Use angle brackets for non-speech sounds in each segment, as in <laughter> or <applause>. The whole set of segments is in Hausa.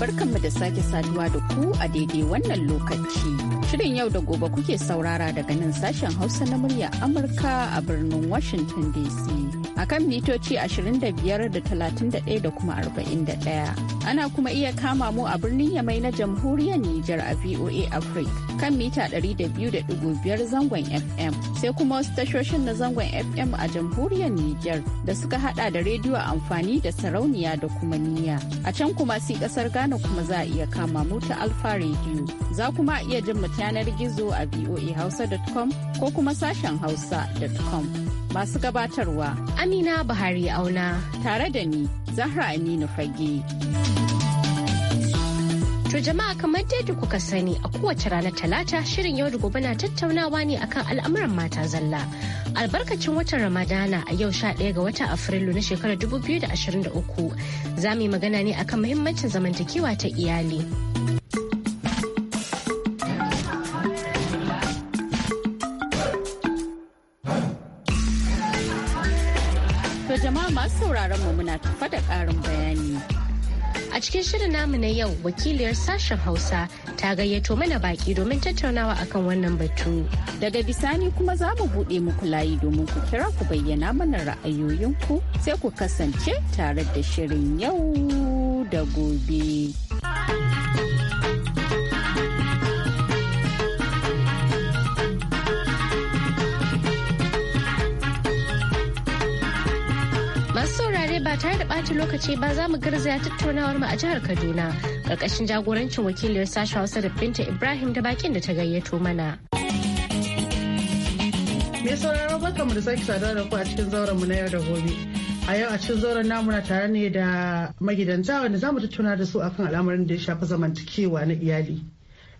barkanmu da sake saduwa da ku a daidai wannan lokaci. Shirin yau da gobe kuke saurara daga nan sashen Hausa na murya Amurka a birnin Washington DC. kan mitoci 25 da 31 da kuma 41. Ana kuma iya kama mu a birnin Yamai na jamhuriyar Nijar a VOA Africa kan mita 200.5 zangon FM sai kuma wasu tashoshin na zangon FM a jamhuriyar Nijar da suka hada da rediyo amfani da sarauniya da kuma niya. A can kuma si kasar Ghana kuma za a iya kama mu ta Alfa Radio. Za kuma iya jin mu yanar gizo a voahausa.com ko kuma sashen hausa.com. masu gabatarwa Amina Buhari Auna tare da ni Zahra Aminu Fage. To jama'a kamar yadda kuka sani a kowace ranar talata shirin yau da gobe na tattaunawa ne akan al'amuran mata zalla. albarkacin watan ramadana a yau sha ɗaya ga watan afrilu na shekarar 2023 za mu yi magana ne akan muhimmancin zamantakewa ta iyali. cikin shirin namu na yau wakiliyar sashen Hausa ta gayyato mana baki domin tattaunawa akan wannan batu. Daga bisani kuma za mu buɗe muku layi domin ku kira ku bayyana mana ra'ayoyinku sai ku kasance tare da shirin yau da gobe. ba tare da ɓata lokaci ba za mu garzaya tattaunawar mu a jihar Kaduna ƙarƙashin jagorancin wakiliyar sashen Hausa da Binta Ibrahim da bakin da ta gayyato mana. Me sauraro barkamu da sake saduwa da ku a cikin zauren mu na yau da gobe. a yau a cikin zauren namu na tare ne da magidanta wanda za mu tattauna da su akan al'amarin da ya shafi zamantakewa na iyali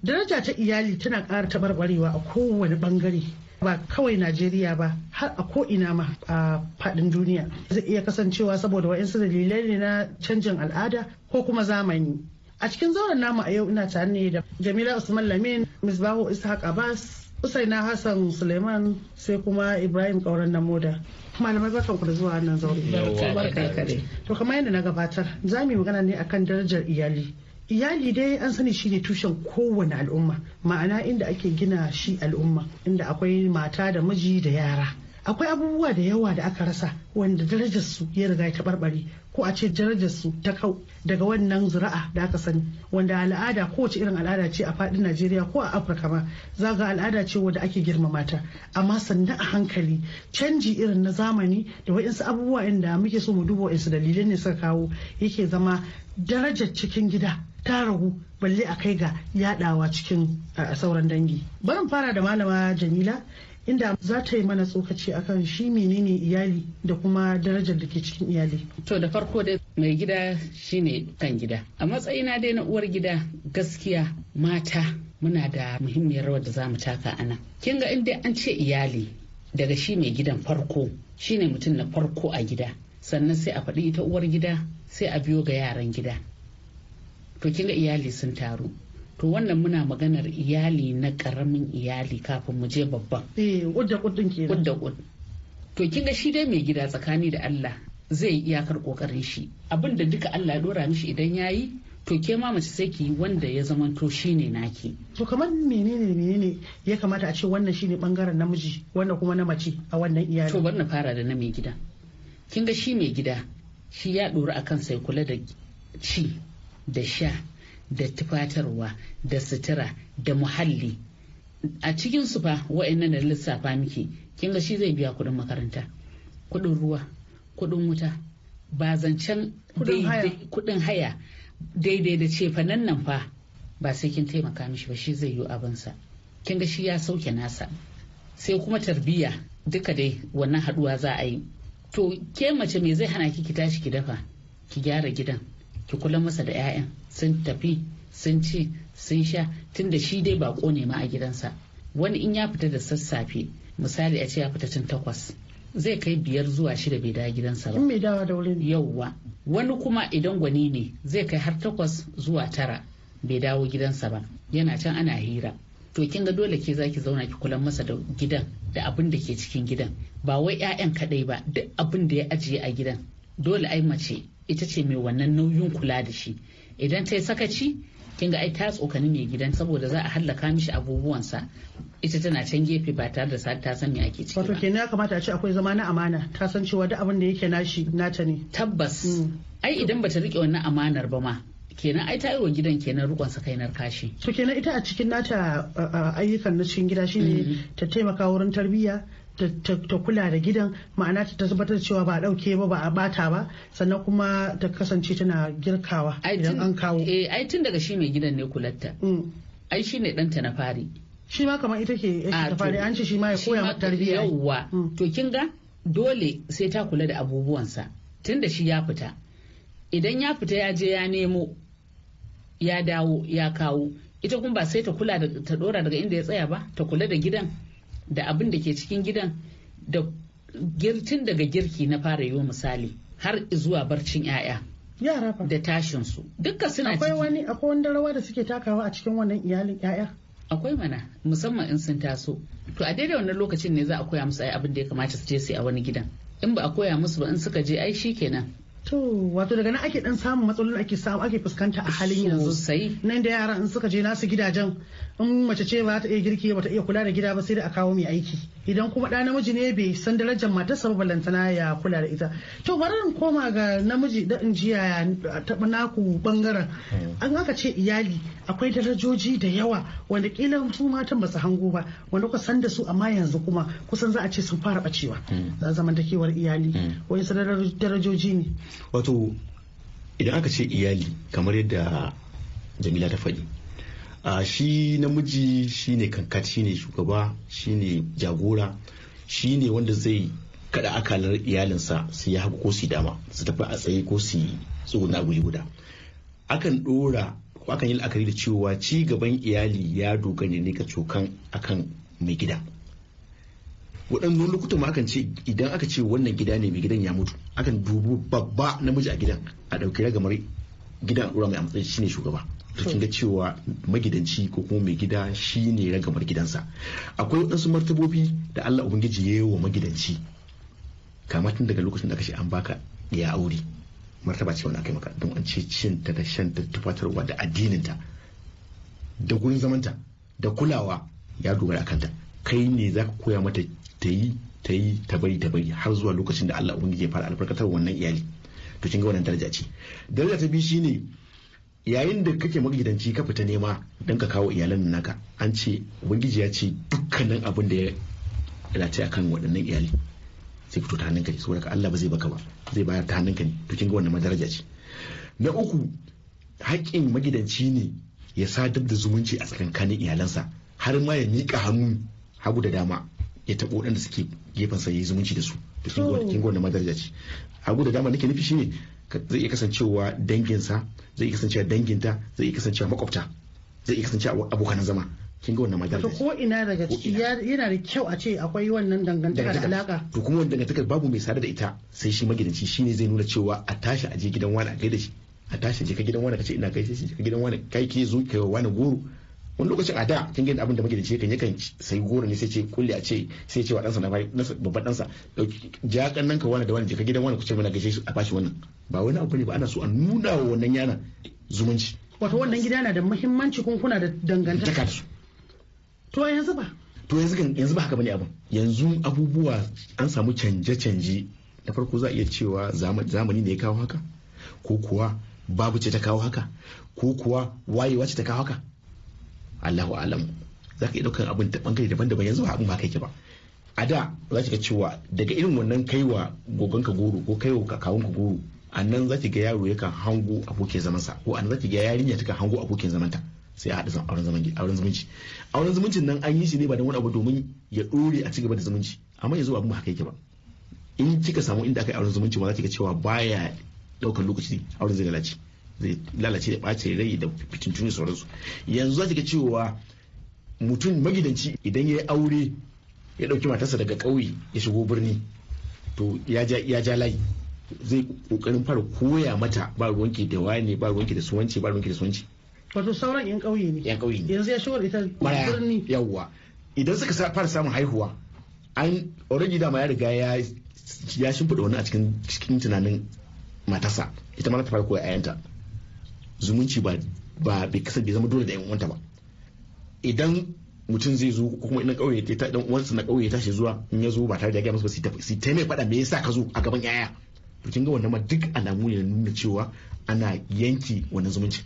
daraja ta iyali tana ƙara taɓarɓarewa a kowane ɓangare ba kawai Najeriya ba har a ko ina ma a faɗin duniya zai iya kasancewa saboda wa'insu dalilai ne na canjin al'ada ko kuma zamani a cikin zauren namu a yau ina tare ne da Jamila Usman Lamin Baho Ishaq Abbas Usaina Hassan Suleiman sai kuma Ibrahim Kauran Namoda. malamai barkan ku da zuwa nan zauren. to kamar yadda na gabatar za mu yi magana ne akan darajar iyali iyali dai an sani shi ne tushen kowane al'umma ma'ana inda ake gina shi al'umma inda akwai mata da miji da yara akwai abubuwa da yawa da aka rasa wanda darajarsu ya riga ta barbare ko a ce darajarsu ta kau daga wannan zura'a da aka sani wanda al'ada kowace irin al'ada ce a faɗin najeriya ko a afirka ma za ga al'ada ce wanda ake girmama ta amma sannan a hankali canji irin na zamani da wa'insu abubuwa inda muke so mu duba wa'insu dalilai ne suka kawo yake zama darajar cikin gida ta ragu balle a kai ga yadawa cikin sauran dangi barin fara da malama jamila inda za ta yi mana tsokaci akan shi menene iyali da kuma darajar da ke cikin iyali. To da farko dai mai gida shine kan gida. A matsayina dai na uwar gida gaskiya mata muna da muhimmiyar rawar da za mu taka a nan. Kin ga inda an ce iyali daga shi mai gidan farko shine mutum na farko a gida. Sannan sai a faɗi ita uwar gida sai a biyo ga yaran gida. to kin ga iyali sun taru to wannan muna maganar iyali na karamin iyali kafin mu je babban kudda eh, kud to kin ga shi dai mai gida tsakani da Allah zai iyakar kokarin shi abinda duka Allah dora mishi idan yayi to ke ma mace sai ki wanda ya zamanto shine naki to kamar menene menene ya kamata a ce wannan shine bangaren namiji wannan kuma na mace a wannan iyali to bar na fara da na mai gida kin ga shi mai gida shi ya dora akan sai kula da ci da sha da tufatarwa da sutura da muhalli a cikin su fa wa'annan da lissafa miki kin ga shi zai biya kuɗin makaranta kuɗin ruwa kuɗin wuta ba zancen kuɗin haya daidai da cefa nan nan fa ba sai kin taimaka mishi ba shi zai yi abinsa kin ga shi ya sauke nasa sai kuma tarbiyya duka dai wannan haɗuwa za a yi to ke mace me zai hana ki ki tashi ki dafa ki gyara gidan ki kula masa da 'ya'yan sun tafi sun ci sun sha tunda shi dai ba ne ma a gidansa wani in ya fita da sassafe misali a ce ya fita tun takwas zai kai biyar zuwa shida bai dawo gidansa ba. bai dawo da wurin yauwa wani kuma idan gwani ne zai kai har takwas zuwa tara bai dawo gidansa ba yana can ana hira to kin ga dole ke zaki zauna ki kula masa da gidan da abin da ke cikin gidan ba wai 'ya'yan kadai ba duk abin da ya ajiye a gidan dole ai mace ita ce mai wannan nauyin kula da shi idan ta yi sakaci kin ga ai ta tsokani mai gidan saboda za a hallaka mishi abubuwansa ita tana can gefe ba tare da ta san me ake ciki wato kenan ya kamata a ce akwai zama na amana ta san cewa duk abin da yake nashi nata ne tabbas mm. ai idan bata rike wannan amanar ba ma kenan ai ta yi wa gidan kenan rukon sa kainar kashi to kenan ita a cikin nata ayyukan na cikin gida shine mm. ta taimaka wurin tarbiyya ta kula da gidan ma'ana ta tabbatar cewa ba dauke ba ba a bata ba sannan kuma ta kasance tana girkawa idan an kawo eh ai tun daga shi mai gidan ne kulatta mm. ai shi ne danta na fari shi ma kamar ita ke ah, ta fari an ce shi ma ya koya mata tarbiyya yawwa mm. to kin ga dole sai ta kula da abubuwansa tun da shi ya fita idan ya fita ya je ya nemo ya dawo ya kawo ita kuma ba sai ta kula da ta dora daga inda ya tsaya ba ta kula da gidan da abin da ke cikin gidan da girtin daga girki na fara yiwa misali har zuwa barcin 'ya'ya yara fa da tashin su dukka suna akwai wani akwai wani rawa da suke takawa a cikin wannan iyalin 'ya'ya akwai mana musamman in sun taso to a daidai wannan lokacin ne za a koya musu abin da ya kamata su je su a wani gidan in ba a koya musu ba in suka je ai shikenan To wato daga nan ake dan samun matsalolin ake samu ake fuskanta a halin yanzu. Nan da yara in suka je nasu gidajen in mace ce ba ta iya girki ba ta iya kula da gida ba sai da a kawo mai aiki. Idan kuma ɗa namiji ne bai san darajar matarsa ba balantana ya kula da ita. To bari in koma ga namiji da in ji yaya naku bangaren. An hmm. aka ce iyali akwai darajoji da yawa wanda kila su matan ba su hango ba wanda ku san da su amma yanzu kuma kusan za a ce sun fara bacewa. Hmm. Za zamantakewar iyali hmm. wani darajoji ne. wato idan aka ce iyali kamar yadda jamila ta faɗi a shi namiji ne kankat ne shugaba ne jagora shi ne wanda zai kada akalar iyalinsa su ya hagu ko su dama su tafi a tsaye ko su tsoguna guri guda akan dora ko akan yi la'akari da cewa ci gaban iyali ya dogane ne ka cokan akan mai gida waɗannan lokutan ma akan ce idan aka ce wannan gida ne mai gidan ya mutu akan dubu babba namiji a gidan a ɗauki ragamar gidan ɗora mai a matsayin shine shugaba to kin ga cewa magidanci ko kuma mai gida shine ragamar gidansa akwai waɗansu martabobi da Allah ubangiji ya yi wa magidanci kama tun daga lokacin da aka ce an baka ya aure martaba ce wani aka yi maka don an ce cin ta da shan ta tufatarwa da addininta da gurin zamanta da kulawa ya dogara a kanta kai ne za ka koya mata ta yi ta yi ta bari ta bari har zuwa lokacin da Allah ubangiji ya fara albarkatar wannan iyali to kin ga wannan daraja ce daraja ta biyu shine yayin da kake magidanci ka fita nema dan ka kawo iyalan naka an ce ubangiji ya ce dukkanin abin da ya dace akan waɗannan iyali sai fito ta hannunka ne saboda ka Allah ba zai baka ba zai bayar ta hannunka ne to kin ga wannan madaraja ce na uku haƙƙin magidanci ne ya sadar da zumunci a tsakankanin iyalansa har ma ya miƙa hannu habu da dama ya taɓo waɗanda suke gefen sa yayi zumunci da su to kin gwada kin ce hagu da dama nake nufi shine zai iya kasancewa danginsa zai iya kasancewa danginta zai iya kasancewa makwabta zai iya kasancewa abokan zama kin ga wannan madaraja to ko ina daga ciki yana da kyau a ce akwai wannan dangantaka da alaka to kuma wannan dangantaka babu mai sada da ita sai shi magidanci shine zai nuna cewa a tashi a je gidan wani a gaida shi a tashi je ka gidan wani ka ce ina gaishe shi ka gidan wani kai ke zo kai wani goro wani lokacin a da kin gina abin da muke da shi kan yakan sai goro ne sai ce kulli a ce sai ce wa ɗansa na bai babban ɗansa ja kannan ka wani da wani je ka gidan wani ku ce mana gaishe a bashi wannan ba wani abu ne ba ana so a nuna wa wannan yana zumunci wato wannan gida na da muhimmanci kun kuna da dangantaka to yanzu ba to yanzu yanzu ba haka bane abin yanzu abubuwa an samu canje-canje na farko za a iya cewa zamani ne ya kawo haka ko kuwa babu ce ta kawo haka ko kuwa wayewa ce ta kawo haka Allahu alam za ka iya daukan abin ta bangare daban-daban yanzu ba abin ba kai ba a da za ki ga cewa daga irin wannan kaiwa gogonka goro ko kaiwa kakawunka goro a nan za ki ga yaro yakan hango abokin zamansa ko a nan za ki ga yarinya kan hango abokin zamanta sai a haɗa auren zumunci auren zumunci auren zumuncin nan an yi shi ne ba don wani abu domin ya ɗore a cigaba da zumunci amma yanzu abin ba haka ke ba in kika samu inda aka yi auren zumunci ba za ki ga cewa baya ɗaukar lokaci auren zai lalace zai lalace da ɓace rai da fitintuni sauransu yanzu za ki ga cewa mutum magidanci idan ya yi aure ya ɗauki matarsa daga ƙauye ya shigo birni to ya ja layi zai kokarin fara koya mata ba ruwanki da wani ba ruwanki da suwanci ba ruwanki da suwanci wato sauran yan ƙauye ne yan ƙauye ne yanzu ya shigo da ita birni yawwa idan suka fara samun haihuwa an already dama ya riga ya ya shimfiɗa wani a cikin tunanin matasa ita ma ta fara koya 'ya'yanta zumunci ba ba bai kasa bai zama dole da yan uwanta ba idan mutum zai zo ko kuma idan kauye ta dan uwansa na kauye tashi zuwa in ya zo ba tare da ya masa ba sai ta mai fada me yasa ka zo a gaban yaya to kin ga wannan ma duk alamu ne nuna cewa ana yanki wannan zumunci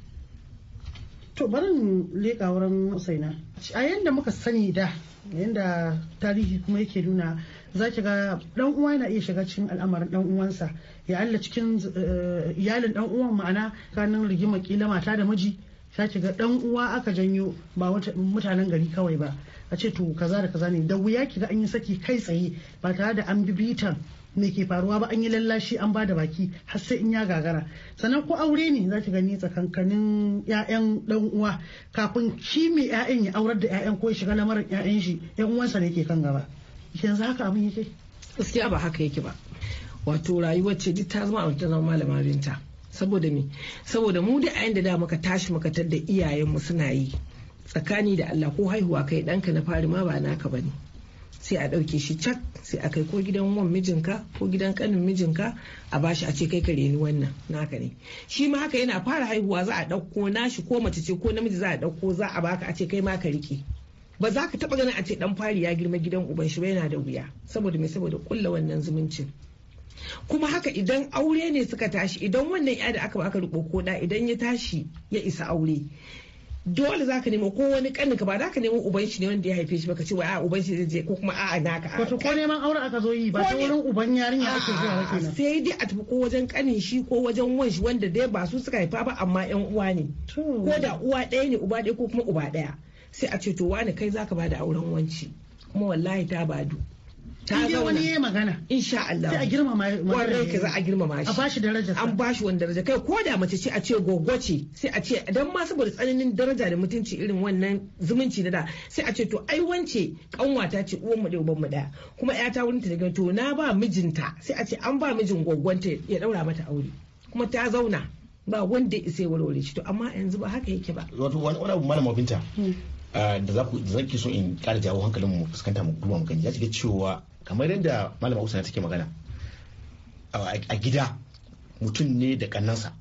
to barin leka wurin Usaina a yanda muka sani da yanda tarihi kuma yake nuna za ki ga dan uwa yana iya shiga cikin al'amarin dan uwansa ya Allah cikin eh, iyalin dan uwan ma'ana kanin rigima kila mata da miji za ki ga dan uwa aka janyo ba mutanen gari kawai ba a ce to kaza da kaza ne da wuya ki ga an yi saki kai tsaye ba tare da an bi bitan me ke faruwa ba an yi lallashi an ba da baki har sai in ya gagara sannan ko aure ne za ki gani tsakankanin ƴaƴan dan uwa kafin shi 'ya'yan ƴaƴan ya aurar da ƴaƴan ko ya shiga lamarin ƴaƴan shi ƴan uwansa ne ke kan gaba yanzu haka abin yake gaskiya ba haka yake ba wato rayuwar ce duk ta zama a zama malama binta saboda me saboda mu da ayin da da muka tashi muka tadda iyayenmu suna yi tsakani da Allah ko haihuwa kai ɗanka na fari ma ba naka bane sai a ɗauke shi cak sai a kai ko gidan wan mijinka ko gidan kanin mijinka a bashi a ce kai ka reni wannan naka ne shi ma haka yana fara haihuwa za a ɗauko nashi ko mace ce ko namiji za a ɗauko za a baka a ce kai ma ka riƙe ba za ka taba ganin a ce dan fari ya girma gidan uban shi ba yana da wuya saboda mai saboda kulla wannan zumuncin kuma haka idan aure ne suka tashi idan wannan ya da aka baka riko koda idan ya tashi ya isa aure dole za ka nemo ko wani kanin ka ba za ka nemo uban shi ne wanda ya haife shi ba ka ce wa a uban shi zai je ko kuma a. naka wato ko neman aure aka zo yi ba ta wurin uban yarinya ake zuwa ba kenan sai dai a tafi ko wajen kanin shi ko wajen wan shi wanda dai ba su suka haifa ba amma yan uwa ne ko da uwa ɗaya ne uba ɗaya ko kuma uba ɗaya sai a ce to wani kai zaka bada auren wanci kuma wallahi ta badu ta zauna wani yayi magana insha Allah sai a girmama wannan ka za a girmama shi a bashi daraja an bashi wani daraja kai ko da mace ce a ce gogoce ce sai a ce dan ma saboda tsananin daraja da mutunci irin wannan zumunci da da sai a ce to ai wance kanwata ce uwan mu da uban mu da kuma ta wurin ta daga to na ba mijinta sai a ce an ba mijin gogonta ya daura mata aure kuma ta zauna ba wanda isai warware shi to amma yanzu ba haka yake ba wato wani abu malama binta hmm. Ah, da za ku zaki so in kara jawo hankalin mu fuskanta mu duba mu gani ya shiga cewa kamar yadda malama usana take magana a gida mutum ne da kannansa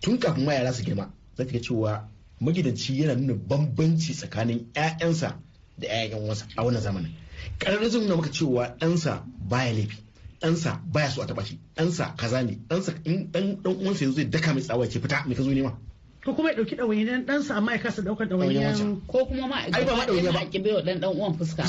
tun kafin ma yara su girma za ga cewa magidanci yana nuna bambanci tsakanin 'ya'yansa da 'ya'yan wasa a wannan zamanin ƙarar zan nuna maka cewa ɗansa baya laifi ɗansa baya so a taɓa shi ɗansa kaza ne ɗansa in ɗan ɗan uwansa yanzu zai daka mai tsawa ce fita mai ka zo nema ko kuma ya dauki dan ɗansa amma ya kasa ɗaukar ɗawainiyar ko kuma ma ai ba ma ba ki bai dan dan uwan fuska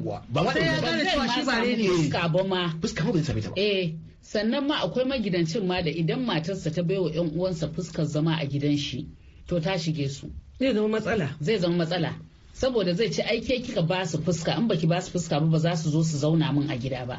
ma ba ma sai ba sai shi ba ne fuska ba ma fuska ba bai ta ba eh sannan ma akwai magidancin ma da idan matarsa ta baiwa ƴan uwansa fuskar zama a gidan shi to ta shige su zai zama matsala zai zama matsala saboda zai ci aike kika ba su fuska in baki ba su fuska ba ba za su zo su zauna min a gida ba.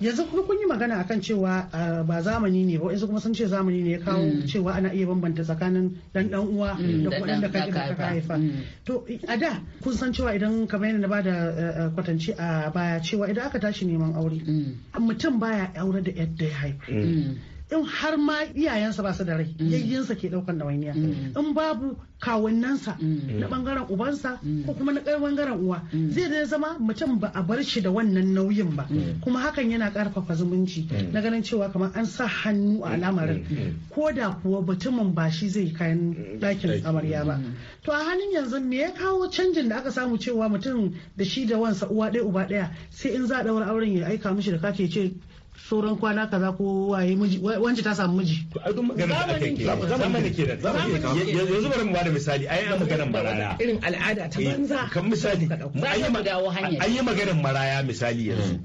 yanzu kuma kun yi magana akan cewa ah, ba zamani ne ba yanzu kuma sun ce zamani ne ya kawo hmm. cewa ana iya bambanta tsakanin dan dan uwa hmm. da kuma da kake da ka haifa hmm. to a da kun san cewa idan ka na ba da eh, eh, kwatanci a baya cewa idan aka tashi neman aure mutum baya aure da yadda ya haifa in har ma iyayensa ba su da rai mm. yayyinsa ke daukan ɗawainiya mm. in babu kawunnansa mm. na bangaren ubansa ko kuma na bangaren uwa zai da zama mutum ba a bar shi da wannan nauyin ba kuma hakan yana karfafa zumunci na ganin cewa kamar an sa hannu a lamarin ko da kuwa mutumin ba shi zai kayan ɗakin amarya ba to a hannun yanzu me ya kawo canjin da aka samu cewa mutum da shi da wansa uwa ɗaya uba ɗaya sai in za a ɗaura auren ya aika mishi da kake ce sauran kwana kaza ko waye miji wanda ta samu miji zamani ke da yanzu bari mu bada misali ayi an maganar maraya irin al'ada ta eh, banza kan misali hanya ayi maganar maraya misali hmm. yanzu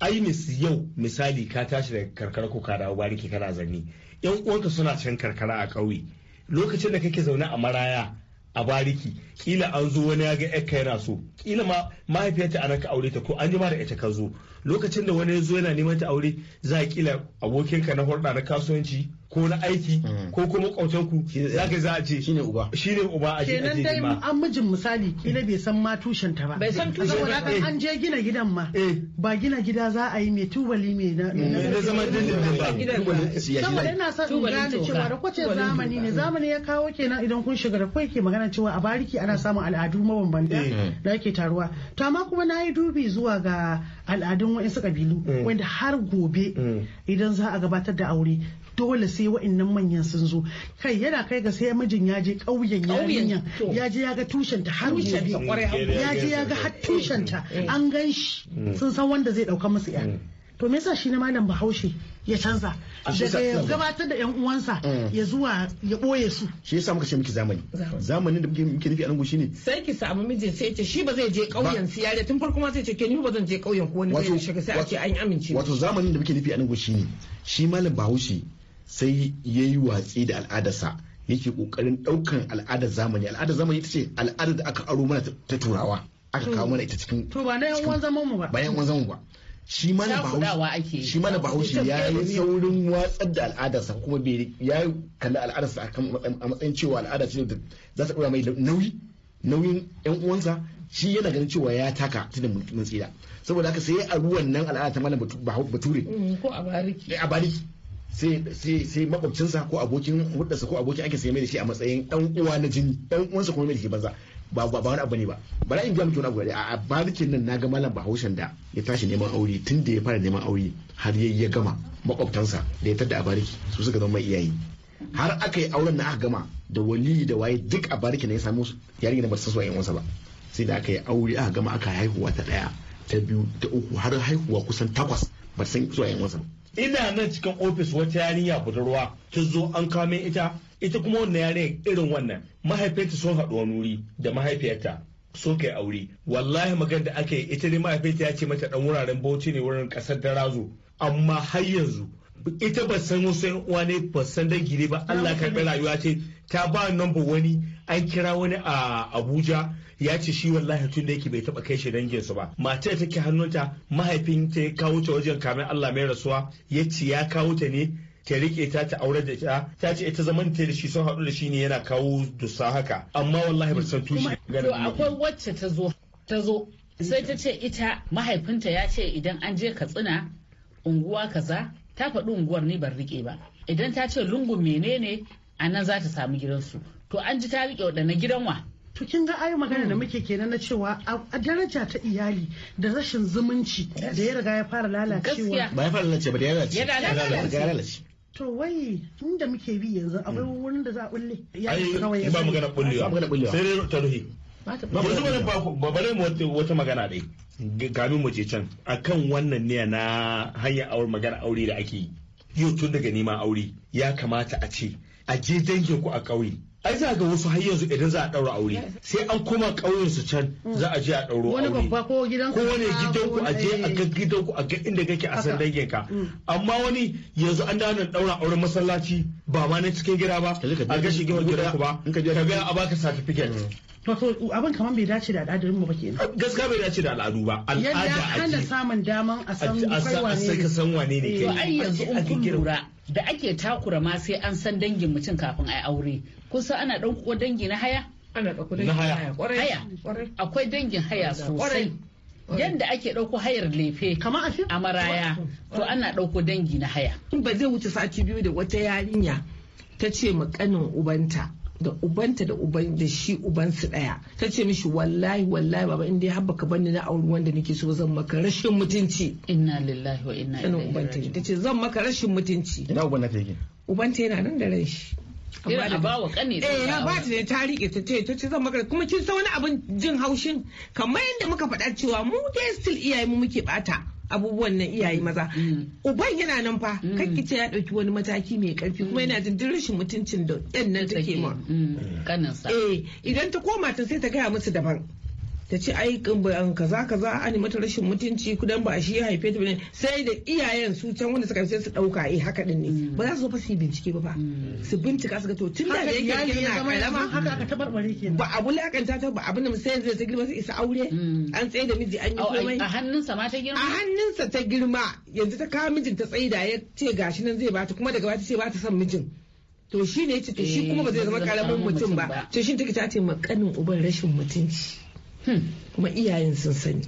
ayi mis yau misali ka tashi daga karkara ko ka dawo bari ke kana zanni yan uwanka suna can karkara a ƙauye lokacin da kake zaune a maraya a bariki kila an zo wani ya ga yakka yana so kila ma mahaifiyarta a ka aure ta ko an ji ma da ita ka zo lokacin da wani ya zo yana neman ta aure za a kila abokinka na hulɗa na kasuwanci ko na aiki mm. ko kuma kautanku za ka za a ce shine uba shine uba a kenan dai an mijin misali kila bai san ma tushen ta ba bai san tushen ta ba an je gina gidan ma eh. ba gina gida za a yi mai tubali mai na na zama dindindin ba saboda ina son in gane cewa da kwace zamani ne zamani ya kawo kenan idan kun shiga da kai ke magana cewa a bariki ana samun al'adu mabambanta eh. mm. da ake taruwa to amma kuma na yi dubi zuwa ga al'adun wa'insu kabilu mm. wanda har gobe idan za a gabatar da aure dole sai wa'annan manyan sun zo kai yana kai ga sai mijin ya je ƙauyen yarinyan ya je ya ga tushenta har gobe ya je ya ga har tushenta an gan shi mm. sun san wanda zai dauka musu ya mm. to me yasa shi na malam bahaushe ya canza daga ya gabatar da yan uwansa mm. ya zuwa ya boye su shi yasa muka ce miki zamani zamanin da muke nufi a nan shine sai ki samu mijin sai ce shi ba zai je kauyen siyare tun farko ma sai ce ke ni ba zan je kauyen ko wani zai shiga sai a ce an amince wato zamanin da muke nufi a nan shine shi malam bahaushe sai ya yi watsi da al'adarsa yake kokarin daukan al'adar zamani al'adar zamani ita ce al'adar da aka aro mana ta turawa aka kawo mana ita cikin to ba na yan zaman mu ba ba yan zaman ba shi mana bahaushe shi mana bahaushe ya yi saurin watsar da al'adarsa kuma bai ya kalli al'adarsa a matsayin cewa al'ada ce da za ta dora mai nauyi nauyin yan uwansa shi yana ganin cewa ya taka ta da mun tsira saboda haka sai a ruwan nan al'ada ta malam bature mm, ko a bariki eh, sai makwabcinsa ko abokin hudarsa ko abokin ake sai mai da shi a matsayin dan uwa na jini dan uwansa kuma mai da shi banza ba ba wani abu ne ba bara in ga miki wani abu da a barikin nan naga malam bahaushen da ya tashi neman aure tun da ya fara neman aure har yayi ya gama makwabtansa da ya tada a bariki su suka zama iyaye har aka yi auren na aka gama da wali da waye duk a bariki ne ya samu yarinya da ba su a uwansa ba sai da aka yi aure aka gama aka haihuwa ta daya ta biyu ta uku har haihuwa kusan takwas ba san su a uwansa ba ina nan cikin ofis wata yarinya budurwa ta zo an kame ita ita kuma wannan yarinyar irin wannan mahaifinta sun haɗu wani wuri da mahaifiyarta so kai aure wallahi magana da aka yi ita ne mahaifiyarta ya ce mata ɗan wuraren bauchi ne wurin ƙasar darazo amma har yanzu ita ba san wasu yan uwa ne ba san da ne ba Allah karɓi rayuwa ce ta ba number wani an kira wani a Abuja ya ce shi wallahi tun da yake bai taba kai shi dangin su ba matar take hannunta mahaifin ta ya kawo ta wajen kamin Allah mai rasuwa ya ce ya kawo ta ne ta rike ta ta aure da ta ta ce ita zaman ta da shi sun haɗu da shi ne yana kawo dusa haka amma wallahi ba san tushe to akwai wacce ta zo ta zo sai ta ce ita mahaifinta ya ce idan an je Katsina unguwa kaza ta faɗi unguwar ni ban riƙe ba idan ta ce lungun menene a nan za ta samu gidansu to an ji ta riƙe waɗanne gidan wa to kin ga ayi magana da hmm. muke kenan na cewa a daraja ta iyali da rashin zumunci da ya riga ya fara lalacewa ba ya fara lalace ba da ya lalace ya to wai inda muke bi yanzu akwai hmm. wurin da za a bulle ya kawai ba magana bullewa sai dai ta ruhi Babare wata magana dai, kamin mu je can, akan wannan ne na hanyar aure magana aure da ake yi. Yau tun daga neman aure ya kamata a ce, a je dangin ku a ƙauye. ai za ga wasu har yanzu idan za a ɗaura aure sai an koma ƙauyen su can za a je a ɗauro aure wani babba ko gidan ko wani gidan ku a je a ga gidan ku a ga inda kake a san dangin ka mm. amma wani yanzu an dawo ɗaura auren masallaci ba ma na cikin gira ba a ga shigewar ku ba ka biya a baka certificate Wato mm. abin kamar bai dace da al'adar mu ba kenan. Gaskiya bai dace da al'adu ba. Al'ada ake. Yadda hana samun daman a san kai wane ne. A san wane ne eh, kai. Ai yanzu in kun lura da ake takura ma sai an san dangin mutum kafin a aure. Kusa ana ɗauko dangi na haya? Ana ɗauko dangi na haya. Haya. Akwai dangin haya sosai. yadda ake ɗauko hayar lefe a maraya to ana ɗauko dangi na haya ba zai wuce sati biyu da wata yarinya ta ce ma kanin ubanta da ubanta da uban da shi ubansu daya ta ce mishi wallahi wallahi baba in dai habba ka banni na auri wanda nake so zan maka rashin mutunci inna lillahi wa inna ilaihi raji'un ta ce zan maka rashin mutunci ina uban ta yake ubanta yana nan da ran shi irin a bawa kane eh ya ba ta ta riƙe ta ce ta ce zan maka kuma kin san wani abin jin haushin kamar yadda muka faɗa cewa mu dai still iyaye mu muke bata abubuwan nan iyaye maza mm. uban yana nan fa mm. kakki ce ya ɗauki wani mataki mai karfi kuma yana jin mutuncin da ɗan nan take ma mm. eh idan ta koma ta sai ta gaya musu daban ta ce ai kaza kaza an mata rashin mutunci kudan ba shi ya haife ta bane sai da iyayen su can wanda suka sai su dauka eh haka din ne mm. ba za su fa su bincike ba fa mm. su bincika su ga to tun da yake yana kalama haka aka tabarbare kenan ba abu lakanta ta ba abin da sai zai ta girma sai isa aure mm. an tsaye da miji an yi komai a hannunsa ma ta girma a hannunsa ta girma yanzu ta kawo mijin ta tsaida ya ce gashi nan zai bata kuma daga ta ce bata son mijin to shi ne ya ce to shi kuma ba zai zama karamin eh, mutum ba to shi take ta ce ma uban rashin mutunci Hmm, kuma iyayen sun sani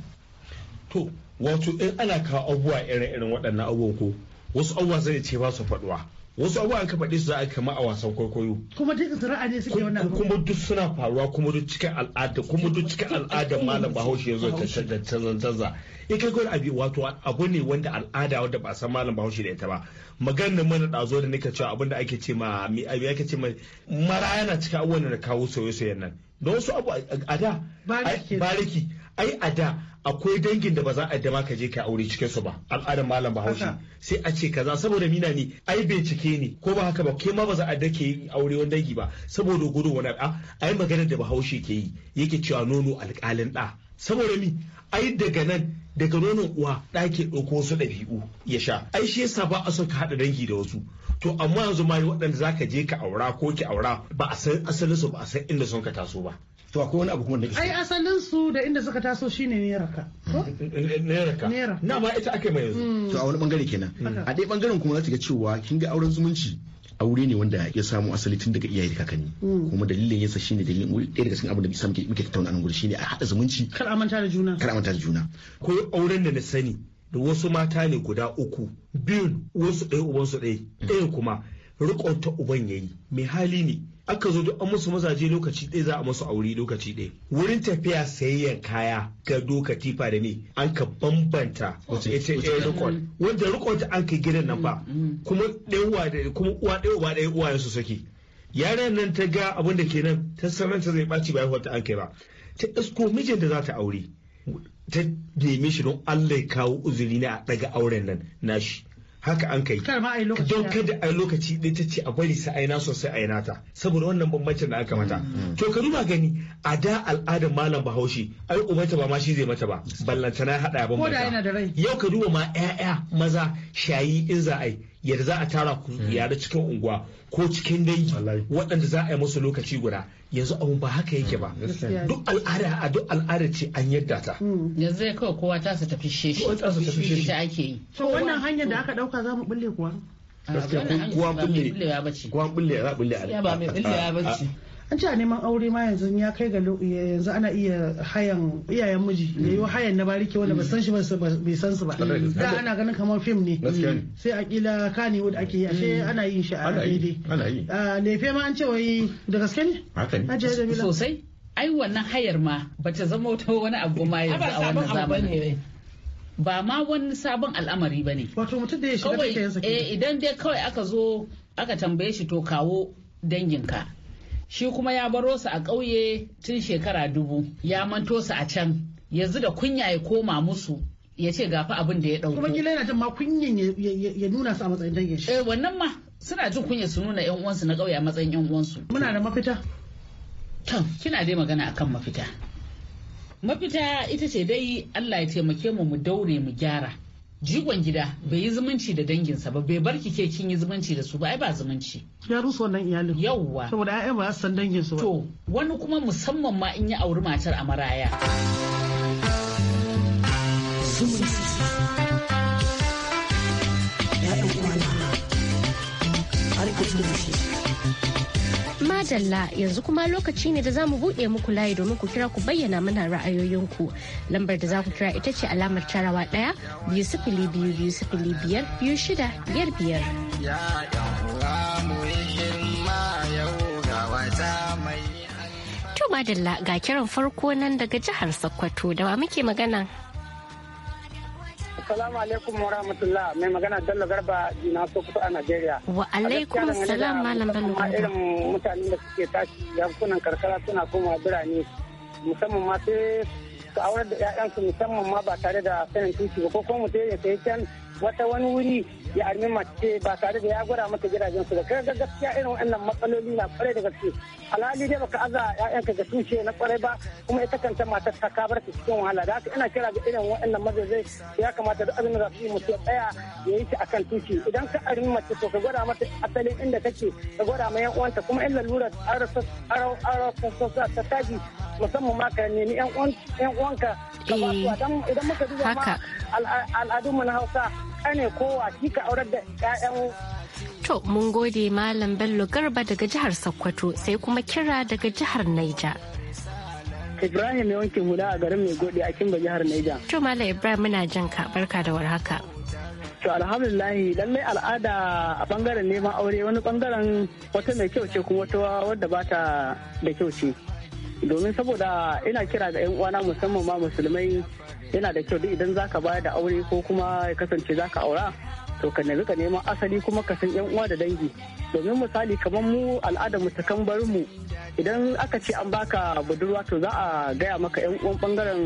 to wato in ana kawo abubuwa irin irin waɗannan abubuwan ko wasu abubuwa zai ce ba su faɗuwa wasu abubuwa ka faɗi su za a kama a wasan kwaikwayo kuma duk sana'a ra'ayi suke wannan kuma duk suna faruwa kuma duk cikin al'ada kuma duk cikin al'ada malam bahaushe ya zo da canza in kai kawai abi wato abu ne wanda al'ada wanda ba san malam bahaushe da ita ba maganar mana ɗazo da nika cewa abinda ake ce ma me ake ce ma mara yana cikin abubuwan da kawo sauye-sauyen nan da wasu abu a da bariki ai a da akwai dangin da ba za a dama ka je ka aure cikin su ba al'adar malam bahaushe sai a ce kaza saboda mina ne ai bincike ne ko ba haka ba ke ma ba za a yadda ke aure wani dangi ba saboda gudu wani a ai maganar da bahaushe ke yi yake cewa nono alƙalin da saboda mi ai daga nan daga nonon uwa ɗaki ɗauko wasu ɗabi'u ya sha ai shi yasa ba a son ka haɗa dangi da wasu to amma yanzu ma waɗanda ka je ka aura ko ki aura ba a san asalinsu ba a san inda sun ka taso ba to akwai wani abu kuma da ai asalin su da inda suka taso shine neraka neraka na ma ita aka mai yanzu hmm. to a wani bangare kenan hmm. a dai bangaren kuma za ta ga cewa kin ga auren zumunci aure ne wanda ya samu asali tun daga iyaye kakanni hmm. kuma dalilin yasa shine dalilin wuri ɗaya daga cikin abin da bisa muke muke tattauna nan gurin shine a haɗa zumunci kar amanta da juna kar amanta da juna ko auren da na sani da wasu mata ne guda uku biyun wasu ɗaya ubansu ɗaya ɗaya kuma rikon ta uban yayi mai hali ne aka zo duk an musu mazaje lokaci ɗaya za a musu aure lokaci ɗaya wurin tafiya sayayyan kaya ga doka katifa da ni. an ka bambanta Wacce? ita mm-hmm. wanda rikon ta an kai gidan nan ba mm-hmm. Mm-hmm. kuma uwa da kuma uwa ɗaya uwa ɗaya uwa su saki yaran nan ta ga abin da kenan ta sanar ta zai ɓaci bayan wata an kai ba ta isko mijin da za ta aure ta neme shi don Allah ya kawo uzuri na a ɗaga auren nan nashi haka an kai don kada a lokaci ɗaya ta ce a bari sa aina sosai aina ta saboda wannan bambancin da aka mata mm. to ka duba gani a da al'adar malam bahaushe ai ubanta ba ma shi zai mata ba ballantana ya haɗa ya bambanta yau ka duba ma 'ya'ya maza shayi in za a yi yadda za a tara ku hmm. yare cikin unguwa ko cikin dangi waɗanda za a yi musu lokaci guda yanzu abun ba haka yake ba hmm, duk al'ada a duk al'ada ce an yadda ta hmm. yanzu zai kawai kowa ta su tafi sheshi ta su tafi sheshi ake yi to wannan hanyar da aka dauka za mu bulle kuwa ah, gaskiya kuwa bulle kuwa bulle za bulle ya ba mai bulle ya bace an ce a neman aure ma yanzu ya kai ga yanzu ana iya hayan iyayen miji ya yi hayan na bariki wanda ba san shi ba bai san su ba da ana ganin kamar fim ne sai a kila kaniwood ake yi ashe hmm. ana yin shi a daidai lefe ma an ce wai da gaske ne sosai ai wannan hayar ma bata zama wata wani abu ma yanzu a wannan zamanin ba ma wani sabon al'amari ba ne. Wato mutum da ya shiga ta eh, idan dai kawai aka zo aka tambaye shi to kawo danginka shi kuma ya baro su a ƙauye tun shekara dubu ya manto su a can yanzu da kunya ya koma musu ya ce gafi abin da ya ɗauko. Kuma gila yana jin ma kunyan ya nuna su a matsayin dangin shi. Eh wannan ma suna jin kunya su nuna yan uwansu na ƙauye a matsayin yan uwansu. Muna da mafita. To kina dai magana akan mafita. Mafita ita ce dai Allah ya taimake mu mu daure mu gyara. jigon gida bai yi zumunci da danginsa ba bai bar kike kin yi zumunci da su ba ai ba zumunci ya rusa wannan iyalin yawwa saboda ai ba san dangin su ba to wani kuma musamman ma in ya auri matar a maraya ya Madalla yanzu kuma lokaci ne da za mu buɗe muku layi domin ku kira ku bayyana mana ra'ayoyinku. Lambar da za ku kira ita ce alamar tarawa ɗaya biyu sifili biyu biyu sifili biyar biyu shida biyar biyar. To Madalla ga kiran farko nan daga jihar Sokoto da wa muke magana? Assalamu alaikum wa rahmatullah mai magana Bello Garba Jina Sokoto a Najeriya. Wa alaikum salam malam Bello Garba. Irin mutanen da suke tashi yankunan karkara suna koma birane musamman ma sai su aurar da 'ya'yansu musamman ma ba tare da sanin tuki ba ko kuma mutum ya sai can wata wani wuri ya armi mace ba tare da ya gwada mata gidajen su da kai ga gaskiya irin wannan matsaloli na kwarai da gaske alhali dai baka aza ka ga tushe na kwarai ba kuma ita kanta matar ta ka bar cikin wahala da haka ina kira ga irin waɗannan mazazai ya kamata duk azumin da za su tsaya ya yi shi akan tushe idan ka armi mace to ka gwada mata asalin inda kake ka gwada ma ƴan uwanta kuma in lalurar arasa ta taji musamman ma ka nemi ƴan uwanka ka ba su eh, idan muka duba ma al'adunmu na hausa kane kowa kika aurar da 'ya'yan To mun gode Malam Bello Garba daga jihar Sokoto sai kuma kira daga jihar Naija. Ibrahim ya wanke hula a garin mai gode a Kimba jihar Naija. To Malam Ibrahim muna jin ka barka da warhaka. To alhamdulillahi lallai al'ada a bangaren neman aure wani bangaren wata mai kyau ce kuma wata wadda bata da kyau ce. domin saboda ina kira ga 'yan uwana musamman ma musulmai yana da kyau duk idan zaka bayar da aure ko kuma ya kasance zaka aura to ka nemi ka neman asali kuma ka san 'yan uwa da dangi domin misali kamar mu al'adar mu ta kambarin mu idan aka ce an baka budurwa to za a gaya maka 'yan uwan bangaren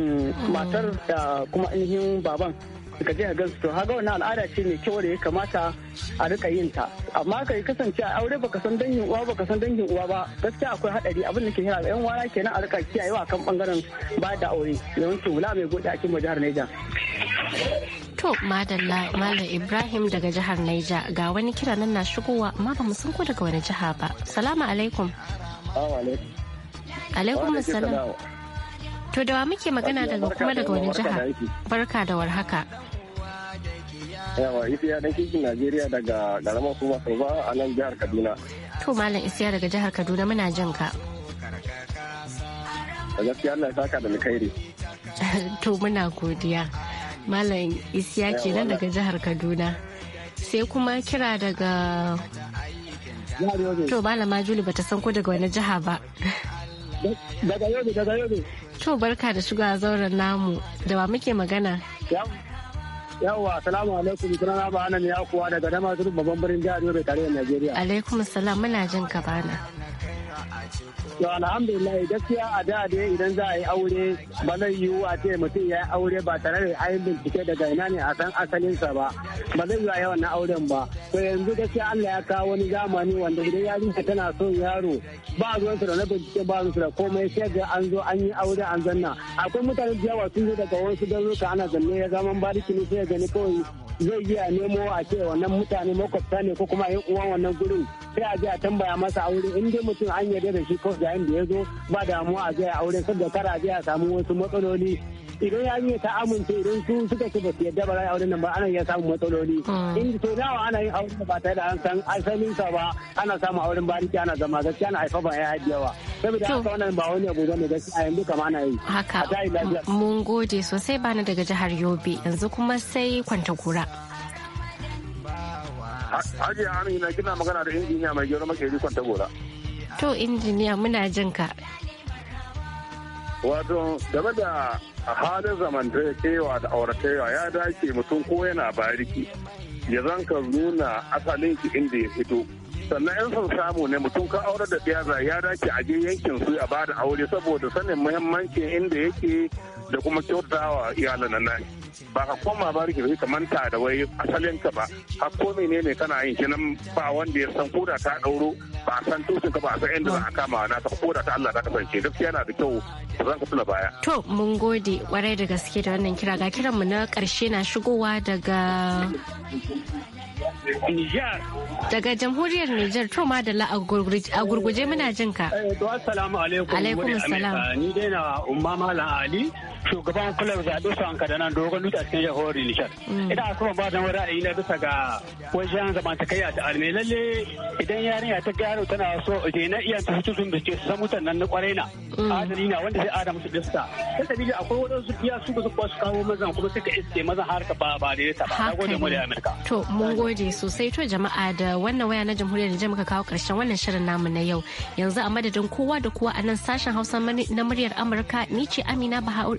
matar da kuma ainihin baban suka je a gansu to haga wannan al'ada ce mai kyau da ya kamata a rika yin ta amma ka yi kasance a aure baka san dangin uwa baka san dangin uwa ba gaskiya akwai hadari abin da ke hira ga yan wara kenan a rika kiyayewa kan bangaren ba da aure ke wula mai gode a cikin jihar Niger To Madalla Malam Ibrahim daga jihar Naija ga wani kira nan na shigowa amma ba mu san ko daga wani jiha ba. Salamu alaikum. Alaikum salam. To da wa muke magana daga kuma daga wani jiha? Barka da warhaka. yawa isiya dan kishin najeriya daga garamar kuma ba a nan jihar kaduna to malam isiya daga jihar kaduna muna jin ka da gaskiya Allah ya saka da alkhairi <laughs> to muna godiya malam isiya nan daga jihar kaduna sai kuma kira daga to malama juli bata san ko daga wani jiha ba daga yobe daga yobe to barka da shiga zauren namu da ba muke magana Yawwa, salamu alaikum, sunana ba ana ya kuwa daga dama su babban birnin jihar Yobe tare da Najeriya. Alaikum salam, muna jin ka bana. To alhamdulillah gaskiya a da dai idan za a yi aure ba zai yiwu a ce mutum ya yi aure ba tare da ayin bincike daga ina ne a san asalinsa ba. ba zai zuwa yawan na auren ba to yanzu gaskiya Allah ya kawo wani zamani wanda idan yarinya tana son yaro ba ruwan su da na bincike ba su da komai sai ga an zo an yi aure an zanna akwai mutane da yawa sun zo daga wasu garuruka ana zanne ya zaman bariki ne sai gani kawai zai yi a nemo a ce wannan mutane makwabta ne ko kuma yan uwan wannan gurin sai a je a tambaya masa aure in dai mutum an yarda da shi ko da da ya zo ba damuwa a je a aure saboda kar a je a samu wasu matsaloli idan yi ta amince idan su suka ce ba su yarda ba za a auren nan ba ana iya samun matsaloli aure hmm. in to dawa ana yin aure ba tare da an san asalin sa ba ana samun auren bariki ana zama gaskiya ana haifa ba ya yawa saboda haka wannan ba wani abu bane gaskiya yanzu kama ana yi haka mun gode sosai bani daga jihar Yobe yanzu kuma sai kwanta kura Hajiya Amina kina magana da injiniya mai gero makeri kwanta gora. To injiniya muna jin ka. Wato game da a halin zamantakewa da auratewa ya dace mutum ko yana bariki ya zanka nuna asalin ki inda ya fito sannan yan sun samu ne mutum ka aure da ɗiyaza ya dace a je yankin su a bada aure saboda sanin muhimmancin inda yake da kuma kyautawa iyalan nan ba ka koma ba rike ka manta da wai asalin ka ba har ko ne kana yin shi nan ba wanda ya san koda ta dauro ba san tushen ka ba san inda za a kama na ta koda ta Allah ta kasance duk yana da kyau ba zan ka tuna baya to mun gode kwarai da gaske da wannan kira ga kiran mu na karshe na shigowa daga Nijar. Daga jamhuriyar Nijar to ma da la a gurguje muna jin ka. Eh, to assalamu alaikum. Alaikum assalam. Ni dai na Umma Malam Ali shugaban kular zaɓe su an kadanan dogon a cikin jihar Nishar. Mm. Ina so ba da ra'ayi na bisa ga wajen zama ta arme lalle idan yarinya ta gano tana so je na iya ta fito sun da su san mutanen na kwarai na. Mm. Adali na wanda zai ada musu bista Sai da biyu akwai wadansu biya su su kwasu kawo mazan kuma suka iske mazan har ka ba ba da ta ba. Nagode mu da amurka. To mun gode sosai to jama'a da wannan waya na jamhuriyar Nijar muka kawo karshen wannan shirin namu na yau. Yanzu a madadin kowa da kowa a nan sashen Hausa na muryar Amurka ni ce Amina Baha'u